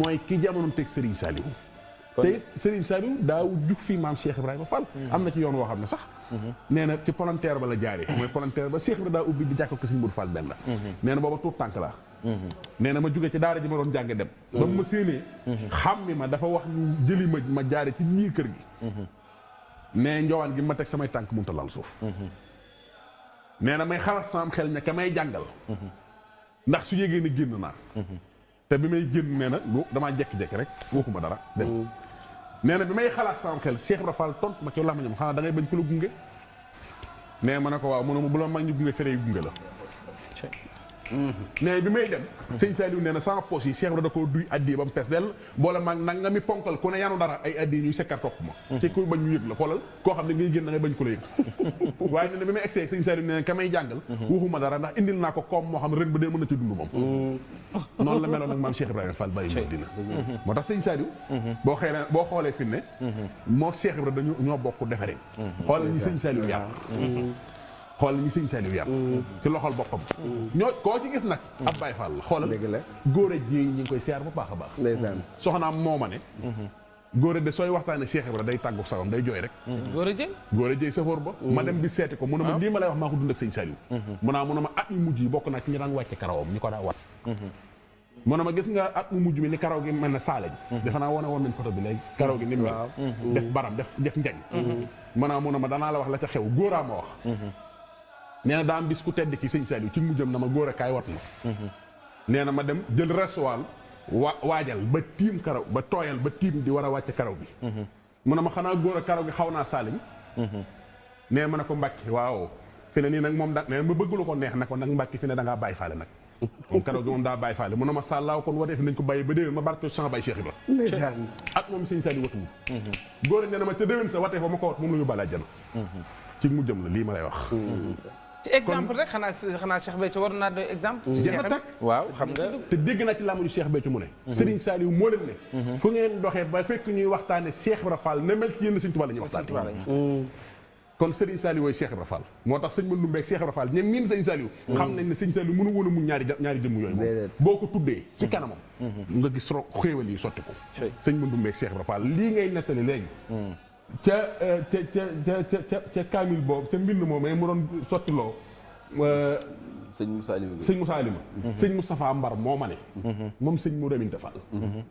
mooy ki jamonoom teg Serigne Saliou. te it Serigne Saliou daaw jug fi maam Cheikh Ibrahima Fall. Mhm. am na ci yoon woo xam ne sax. Mhm. nee na ci palanteer ba la jaaree. mooy palanteer ba Cheikh Ibrahima daa ubbi di jàkko ko Serigne Mourou Fall benn. Mhm. nee na booba tuut tànk la. nee na ma jóge ci daara ji ma doon jànge dem. ba ma séenee. xam mi ma dafa wax ñu jëli ma ma jaare ci biir kër gi. mais njowaan gi ma teg samay tànk mu talal suuf. nee na may xalaat sama xel ña ka may jàngal. ndax su yégee ne génn naa. te bi may génn nee na damaa jékki-jékki rek waxuma dara dem mm. nee na bi may xalaat sama xel Cheikh Ibra Fall tontu ma ci laa ma ñoom xanaa da ngay bañ ku la gunge nee ma ne ko waaw mu ne ma bu la mag ñu gunge fere yu gunge la mais bi may dem sëñ Saliou nee na sans poche yi Cheikh Ibra da koo duy addi ba mu fees dell boole maag nag mi ponkal ku ne yanu dara ay addi ñuy sekkar topp ma mhm. te bañ ñu yëg la xoolal koo xam ne ngay génn da ngay bañ ko la yëg waaye nee na bi may egsee sëñ Saliou nee na ka jàngal mhm. waxuma dara ndax indil naa ko koom moo xam rek ba dee mën na ci dund moom mhm. noonu la meloon nag maam Cheikh Ibrahima Fall bàyyi dina moo tax sëñ Saliou boo xëy boo xoolee moo Cheikh ñoo bokk defaree xoolal ñi sëñ Saliou yàq xool ñi sëñ Saliou yar ci loxol boppam mm. ñoo koo ci gis nag mm. ab Baye Fall la xoolal góor a ji ñi ngi koy siyaar bu baax a baax ndeysaan soxnaam moo ma ne mm-hmm. góor de sooy waxtaan ak Cheikh Ibra day tàggu sagam day jooy rek mm-hmm. góor a jëy góor a jëy safoor ba mm. ma dem bi seeti ko mu ne ma ah. lii ma lay ko dund ak sëñ Saliou mu mm-hmm. naa mu ne ah, mujj yi bokk naa ci ñu daan wàcce karawam ñu ko daa wat mu ne ma gis nga at mu mujj bi ni karaw gi mel na saala ji defe naa wane woon nañ photo bi léegi karaw gi ni mel def baram def def njañ mu naa ah, mu ne ma danaa la wax la ca xew góoraa ma wax nee daa am bis ku tedd ki sëñ Saliou ci mu jëm na ma góor a kaay wat ma. nee ma dem jël rasuwaal wa waajal ba tiim karaw ba tooyal ba tiim di war a wàcc karaw bi. mu a ma xanaa góor a karaw gi xaw naa Salim. nee ma ne ko Mbacke waaw fi ne nii nag moom da nee ma bëgg lu ko neex ne ko nag Mbacke fi ne da ngaa bàyyi faale nag. moom karaw gi moom daa bàyyi faale mu ne ma sàllaaw kon watee fi nañ ko bàyyi ba déwén ma barke sama bay Cheikh Ibra. ndeysaan ak moom sëñ Saliou watuwul. a nee na ma sa watee fa ma ko wat lii ma lay wax. ci exemple rek xanaa xanaa Cheikh Béthio war naa doy exemple. ci Cheikh waaw xam nga. te dégg naa ci làmb ju Cheikh Béthio mu ne. Mhm. Serigne Saliou moo leen ne. Mhm. fu ngeen doxee ba fekk ñuy waxtaane Cheikh Ibra Fall ne mel ci yéen Serigne Touba la ñuy waxtaane. Mhm. kon Serigne Saliou wooy Cheikh Ibra moo tax sëñ Manoumbe ak Cheikh Ibra Fall ñoom miin Serigne Saliou. xam nañ ne Serigne Saliou mënu woon a muñ ñaari ñaari jëmm yooyu. déedéet boo ko tuddee ci kanamam. nga gis ro xéewal yi sotti ko. sëñ Manoumbe ak Cheikh Ibra Fall lii ngay nettali léegi Eh, ca ca ca ca ca kaamil boobu ca mbind moom mu doon sottiloo eh, sëñ Moussa Alima sëñ Moussa Alima mhm. sëñ mu Moustapha Mbar moo ne mhm. moom sëñ mu Raminta Fall mhm.